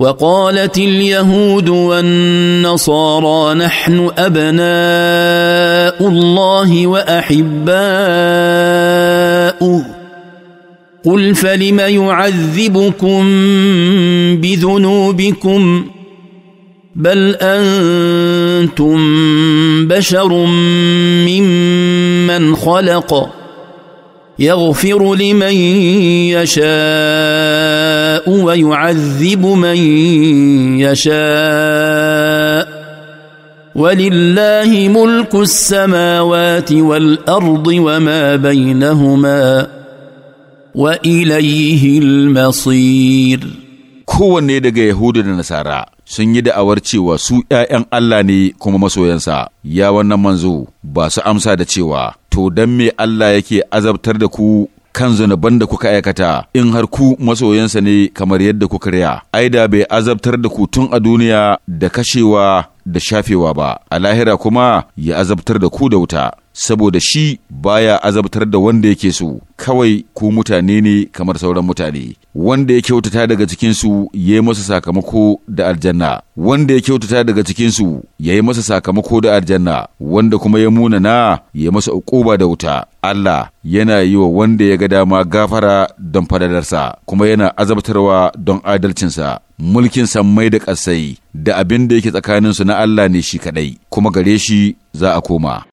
وقالت اليهود والنصارى نحن ابناء الله واحباؤه قل فلم يعذبكم بذنوبكم بل انتم بشر ممن خلق يغفر لمن يشاء ويعذب من يشاء ولله ملك السماوات والارض وما بينهما واليه المصير kowanne daga Yahudu da Nasara sun yi da'awar cewa su ‘ya'yan Allah ne kuma masoyansa, ya wannan manzo ba su amsa da cewa to don me Allah yake azabtar da ku kan zunuban da kuka aikata in har ku masoyansa ne kamar yadda kuka riya ai da bai azabtar da ku tun a duniya da kashewa da shafewa ba a lahira kuma ya azabtar da ku da wuta saboda shi baya azabtar da wanda yake so kawai ku mutane ne kamar sauran mutane wanda ya kyautata daga cikinsu ya yi masa sakamako da aljanna wanda ya kyautata daga cikinsu ya yi masa sakamako da aljanna wanda kuma ya muna na ya masa ukuba da wuta Allah yana yi wa wanda ya ga dama gafara don fadalarsa kuma yana azabtarwa don adalcinsa mulkin sammai da ƙasai da abin da yake tsakaninsu na Allah ne shi kaɗai kuma gare shi za a koma